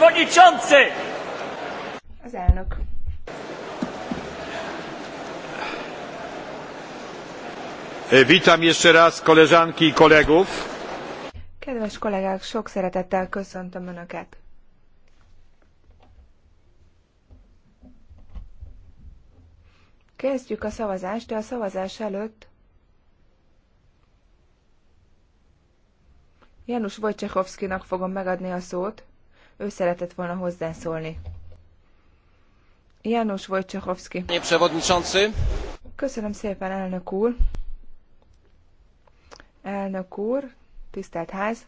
przewodniczący! Az elnök. E, witam jeszcze raz koleżanki i kolegów. Kedves kollégák, sok szeretettel köszöntöm Önöket. Kezdjük a szavazást, de a szavazás előtt Janusz Wojciechowskinak fogom megadni a szót ő szeretett volna hozzászólni. János Wojciechowski. Köszönöm szépen, elnök úr. Elnök úr, tisztelt ház.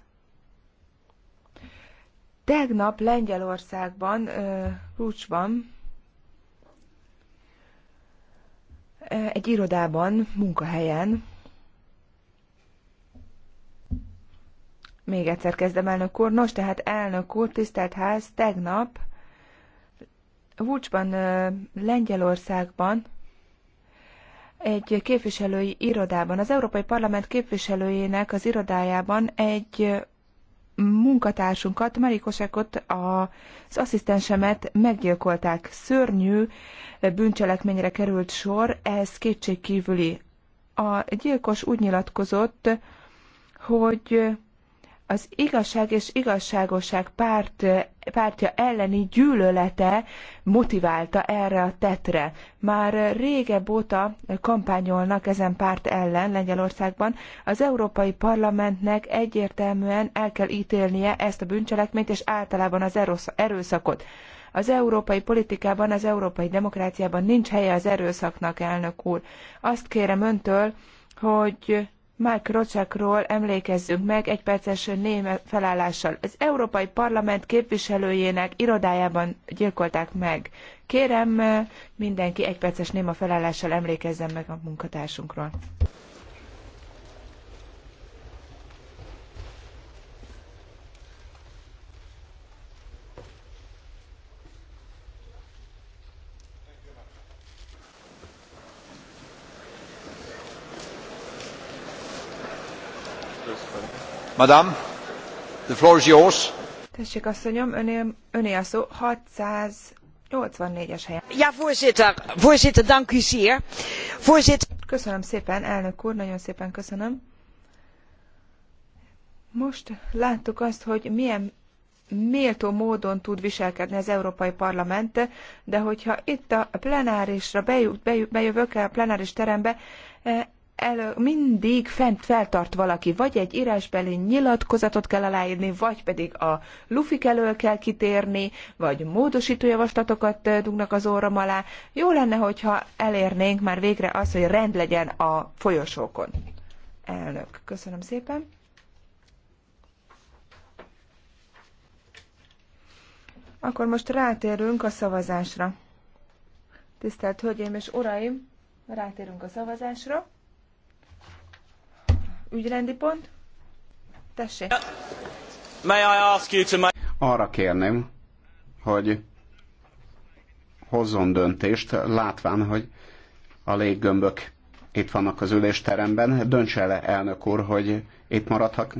Tegnap Lengyelországban, Rúcsban, egy irodában, munkahelyen Még egyszer kezdem, elnök úr. Nos, tehát elnök úr, tisztelt ház, tegnap Vucsban, Lengyelországban egy képviselői irodában, az Európai Parlament képviselőjének az irodájában egy munkatársunkat, Marikosekot, az asszisztensemet meggyilkolták. Szörnyű bűncselekményre került sor, ez kétségkívüli. A gyilkos úgy nyilatkozott, hogy az igazság és igazságosság párt, pártja elleni gyűlölete motiválta erre a tetre. Már régebb óta kampányolnak ezen párt ellen Lengyelországban. Az Európai Parlamentnek egyértelműen el kell ítélnie ezt a bűncselekményt és általában az erőszakot. Az európai politikában, az európai demokráciában nincs helye az erőszaknak, elnök úr. Azt kérem öntől, hogy Mark Rocsákról emlékezzünk meg egy perces néme felállással. Az Európai Parlament képviselőjének irodájában gyilkolták meg. Kérem, mindenki egy perces néma felállással emlékezzen meg a munkatársunkról. Madame, the floor is yours. Tessék, asszonyom, öné, öné a szó. 684-es helyen. Ja, voorzitter. Voorzitter, dank u zeer. Voorzitter. Köszönöm szépen, elnök úr, nagyon szépen köszönöm. Most láttuk azt, hogy milyen méltó módon tud viselkedni az Európai Parlament, de hogyha itt a plenárisra bejövök, a plenáris terembe, elő, mindig fent feltart valaki, vagy egy írásbeli nyilatkozatot kell aláírni, vagy pedig a lufik elől kell kitérni, vagy módosító javaslatokat dugnak az orrom alá. Jó lenne, hogyha elérnénk már végre az, hogy rend legyen a folyosókon. Elnök, köszönöm szépen. Akkor most rátérünk a szavazásra. Tisztelt Hölgyeim és Uraim, rátérünk a szavazásra. Ügyrendi pont? Tessék. May I ask you to make... Arra kérném, hogy hozzon döntést, látván, hogy a léggömbök itt vannak az ülésteremben. Döntse le, elnök úr, hogy itt maradhat,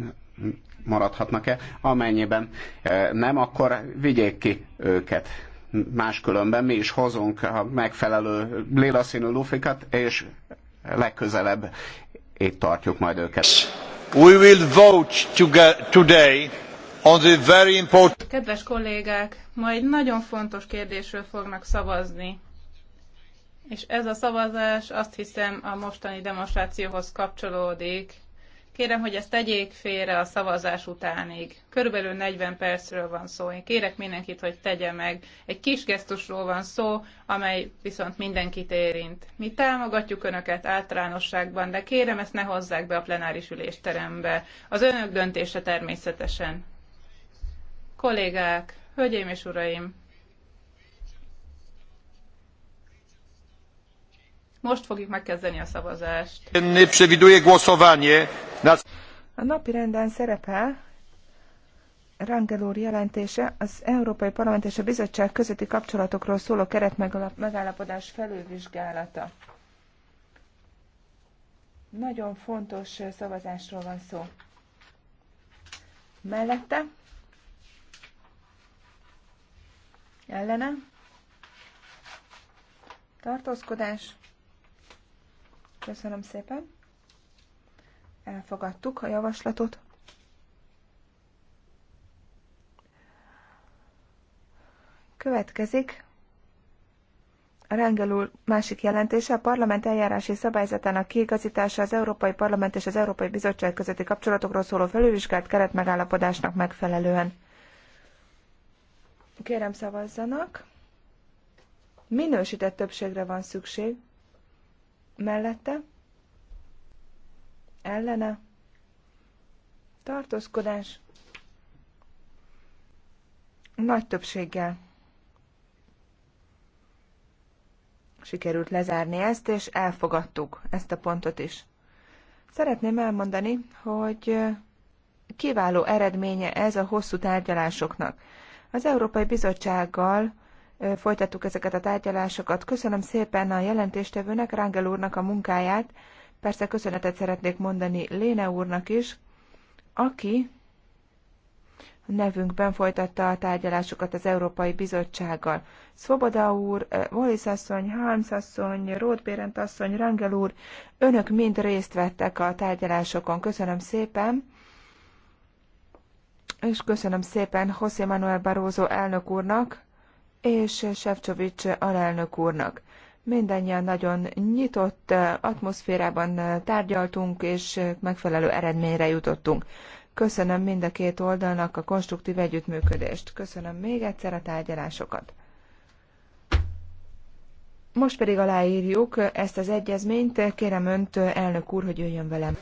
maradhatnak-e. Amennyiben eh, nem, akkor vigyék ki őket. Máskülönben mi is hozunk a megfelelő lila színű lufikat, és legközelebb itt tartjuk majd őket. We will vote today on the very important... Kedves kollégák, ma egy nagyon fontos kérdésről fognak szavazni. És ez a szavazás azt hiszem a mostani demonstrációhoz kapcsolódik. Kérem, hogy ezt tegyék félre a szavazás utánig. Körülbelül 40 percről van szó. Én kérek mindenkit, hogy tegye meg. Egy kis gesztusról van szó, amely viszont mindenkit érint. Mi támogatjuk Önöket általánosságban, de kérem, ezt ne hozzák be a plenáris ülésterembe. Az Önök döntése természetesen. Kollégák, hölgyeim és uraim! Most fogjuk megkezdeni a szavazást. Przewiduję głosowanie. A napi renden szerepel Rangel jelentése az Európai Parlament és a Bizottság közötti kapcsolatokról szóló keretmegállapodás felülvizsgálata. Nagyon fontos szavazásról van szó. Mellette ellene tartózkodás Köszönöm szépen. Elfogadtuk a javaslatot. Következik a Rengelul másik jelentése a parlament eljárási szabályzatának kiigazítása az Európai Parlament és az Európai Bizottság közötti kapcsolatokról szóló felülvizsgált keretmegállapodásnak megfelelően. Kérem szavazzanak. Minősített többségre van szükség mellette, ellene, tartózkodás, nagy többséggel sikerült lezárni ezt, és elfogadtuk ezt a pontot is. Szeretném elmondani, hogy kiváló eredménye ez a hosszú tárgyalásoknak. Az Európai Bizottsággal folytattuk ezeket a tárgyalásokat. Köszönöm szépen a jelentéstevőnek, Rangel úrnak a munkáját. Persze köszönetet szeretnék mondani Léne úrnak is, aki nevünkben folytatta a tárgyalásokat az Európai Bizottsággal. Szoboda úr, Wallis asszony, Harms asszony, Rothbérent asszony, Rangel úr, önök mind részt vettek a tárgyalásokon. Köszönöm szépen! És köszönöm szépen José Manuel Barroso elnök úrnak, és Sefcsovics alelnök úrnak. Mindennyian nagyon nyitott atmoszférában tárgyaltunk, és megfelelő eredményre jutottunk. Köszönöm mind a két oldalnak a konstruktív együttműködést. Köszönöm még egyszer a tárgyalásokat. Most pedig aláírjuk ezt az egyezményt. Kérem önt, elnök úr, hogy jöjjön velem.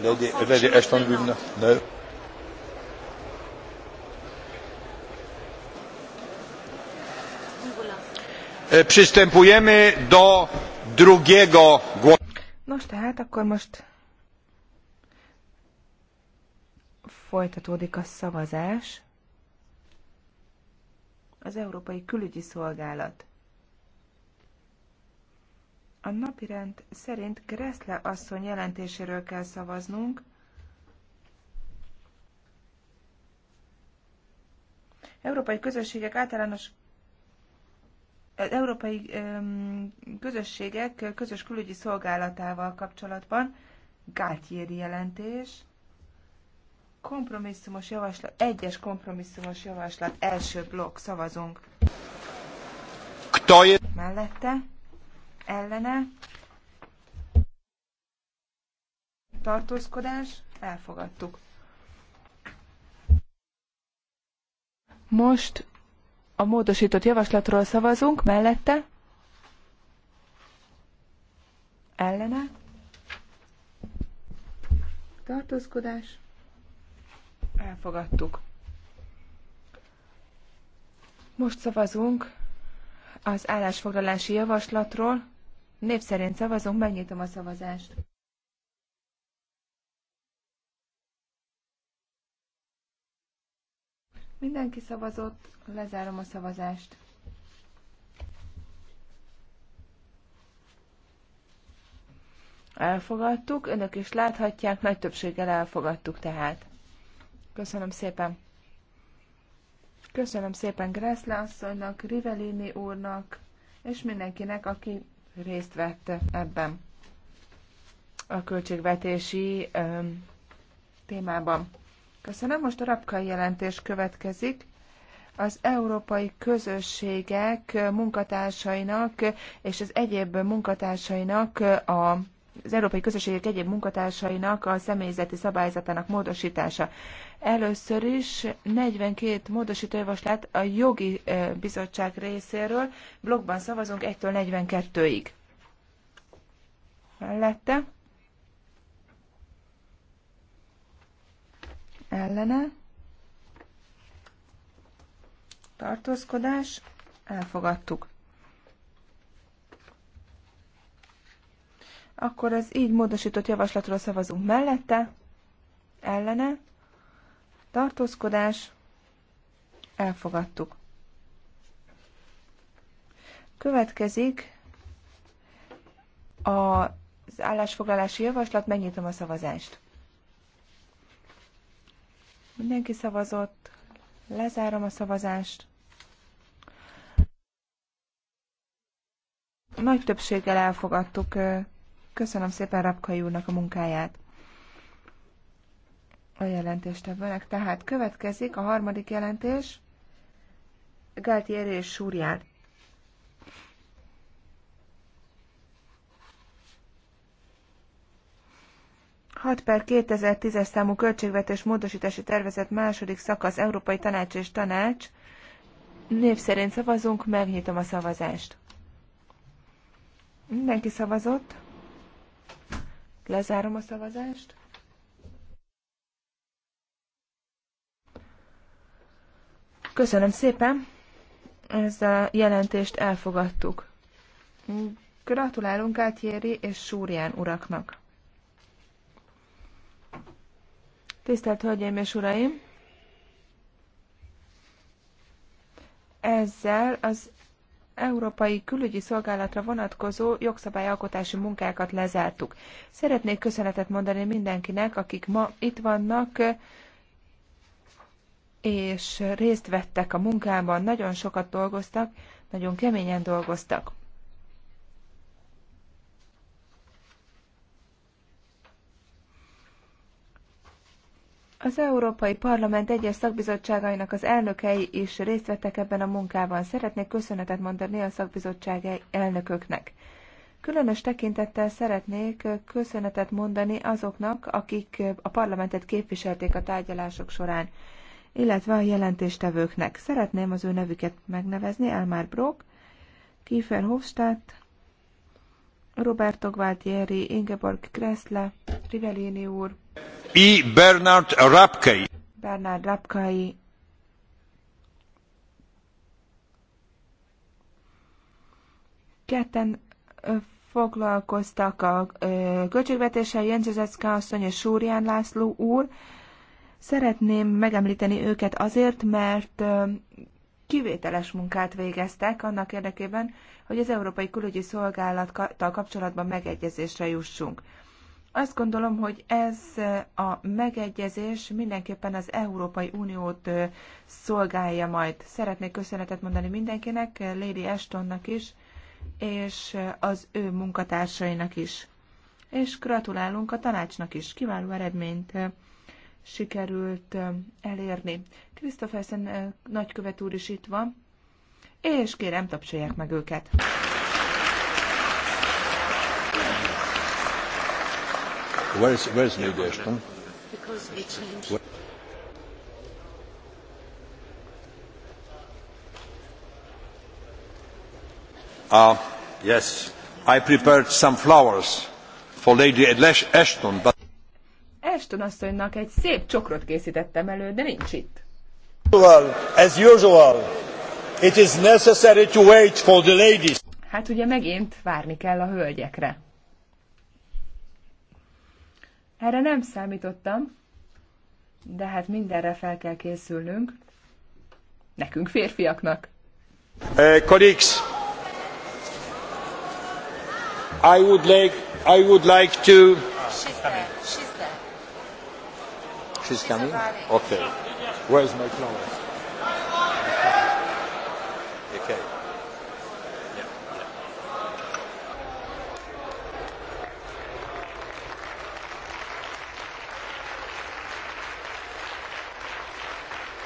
Lady, Ashton Wilna. No. E, przystępujemy do drugiego głosowania. Nos, tehát akkor most folytatódik a szavazás. Az Európai Külügyi Szolgálat a napirend szerint kreszle asszony jelentéséről kell szavaznunk. Európai közösségek általános európai öm, közösségek közös külügyi szolgálatával kapcsolatban Gátjéri jelentés, kompromisszumos javaslat, egyes kompromisszumos javaslat, első blokk, szavazunk. Mellette ellene tartózkodás elfogadtuk. Most a módosított javaslatról szavazunk, mellette ellene tartózkodás elfogadtuk. Most szavazunk az állásfoglalási javaslatról. Név szerint szavazunk, megnyitom a szavazást. Mindenki szavazott, lezárom a szavazást. Elfogadtuk, önök is láthatják, nagy többséggel elfogadtuk tehát. Köszönöm szépen. Köszönöm szépen Gressle asszonynak, Rivellini úrnak, és mindenkinek, aki részt vett ebben a költségvetési témában. Köszönöm, most a Rapkai jelentés következik az európai közösségek munkatársainak és az egyéb munkatársainak a az Európai Közösségek egyéb munkatársainak a személyzeti szabályzatának módosítása. Először is 42 módosítójavaslat a jogi bizottság részéről. Blogban szavazunk 1-től 42-ig. Mellette. Ellene. Tartózkodás. Elfogadtuk. Akkor az így módosított javaslatról szavazunk mellette, ellene, tartózkodás, elfogadtuk. Következik az állásfoglalási javaslat, megnyitom a szavazást. Mindenki szavazott, lezárom a szavazást. Nagy többséggel elfogadtuk Köszönöm szépen Rapkai úrnak a munkáját. A jelentést ebbenek. Tehát következik a harmadik jelentés. Gáti és súrját. Hat per 2010-es számú költségvetés módosítási tervezet második szakasz Európai Tanács és Tanács. Név szerint szavazunk, megnyitom a szavazást. Mindenki szavazott. Lezárom a szavazást. Köszönöm szépen, ezt a jelentést elfogadtuk. Gratulálunk Átjéri és Súrján uraknak. Tisztelt Hölgyeim és Uraim! Ezzel az Európai Külügyi Szolgálatra vonatkozó jogszabályalkotási munkákat lezártuk. Szeretnék köszönetet mondani mindenkinek, akik ma itt vannak, és részt vettek a munkában, nagyon sokat dolgoztak, nagyon keményen dolgoztak. Az Európai Parlament egyes szakbizottságainak az elnökei is részt vettek ebben a munkában. Szeretnék köszönetet mondani a szakbizottság elnököknek. Különös tekintettel szeretnék köszönetet mondani azoknak, akik a parlamentet képviselték a tárgyalások során, illetve a jelentéstevőknek. Szeretném az ő nevüket megnevezni, Elmar Brock, Kiefer Hofstadt, Roberto Gualtieri, Ingeborg Kressle, Rivellini úr, i e. Bernard Rapkay. Bernard Rapkay ketten foglalkoztak a költségvetéssel Jencsezecka asszony és Súrján László úr. Szeretném megemlíteni őket azért, mert kivételes munkát végeztek annak érdekében, hogy az Európai Külügyi Szolgálattal kapcsolatban megegyezésre jussunk. Azt gondolom, hogy ez a megegyezés mindenképpen az Európai Uniót szolgálja majd. Szeretnék köszönetet mondani mindenkinek, Lady Ashtonnak is, és az ő munkatársainak is. És gratulálunk a tanácsnak is. Kiváló eredményt sikerült elérni. Christophersen nagykövet úr is itt van, és kérem, tapsolják meg őket. Where is, where is Lady Ashton? Because they changed. Uh, yes, I prepared some flowers for Lady Ashton, but... Ashton asszonynak egy szép csokrot készítettem elő, de nincs itt. As usual, it is necessary to wait for the ladies. Hát ugye megint várni kell a hölgyekre. Erre nem számítottam, de hát mindenre fel kell készülnünk. Nekünk férfiaknak. Uh, colleagues, I would like, I would like to... She's coming. She's there. She's coming? Okay. Where's my flowers?